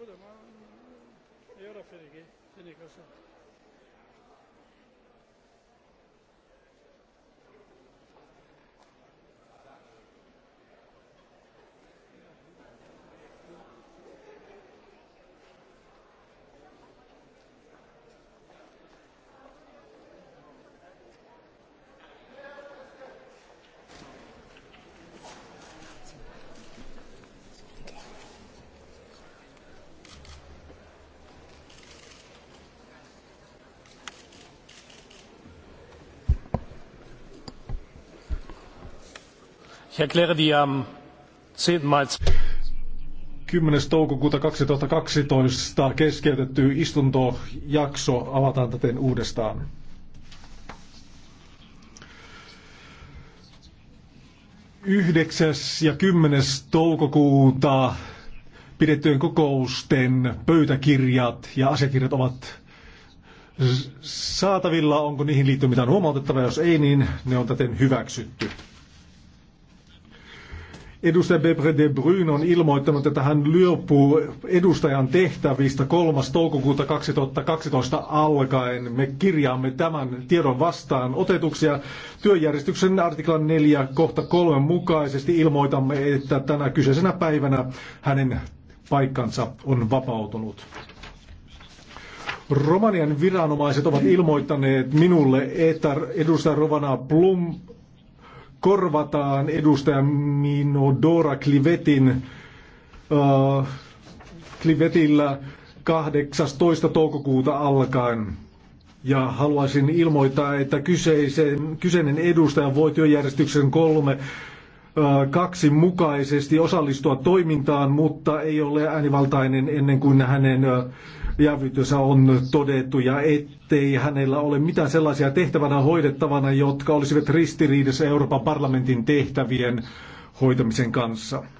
kodaman yarafirigi, tinnikasa. Ich erkläre die am 10. Mai 10. toukokuuta 2012 keskeytetty istuntojakso avataan täten uudestaan. Yhdeksäs ja 10. toukokuuta pidettyjen kokousten pöytäkirjat ja asiakirjat ovat saatavilla. Onko niihin liittyen mitään huomautettavaa? Jos ei, niin ne on täten hyväksytty. Edustaja Bebre de Bruyn on ilmoittanut, että hän lyöpuu edustajan tehtävistä 3. toukokuuta 2012 alkaen. Me kirjaamme tämän tiedon vastaan otetuksia. Työjärjestyksen artiklan 4 kohta 3 mukaisesti ilmoitamme, että tänä kyseisenä päivänä hänen paikkansa on vapautunut. Romanian viranomaiset ovat ilmoittaneet minulle, että edustaja Rovana Plum korvataan edustaja Minodora Klivetin, äh, Klivetillä 18. toukokuuta alkaen. Ja haluaisin ilmoittaa, että kyseisen, kyseinen edustaja voi työjärjestyksen kolme kaksi mukaisesti osallistua toimintaan, mutta ei ole äänivaltainen ennen kuin hänen jäävytönsä on todettu ja ettei hänellä ole mitään sellaisia tehtävänä hoidettavana, jotka olisivat ristiriidassa Euroopan parlamentin tehtävien hoitamisen kanssa.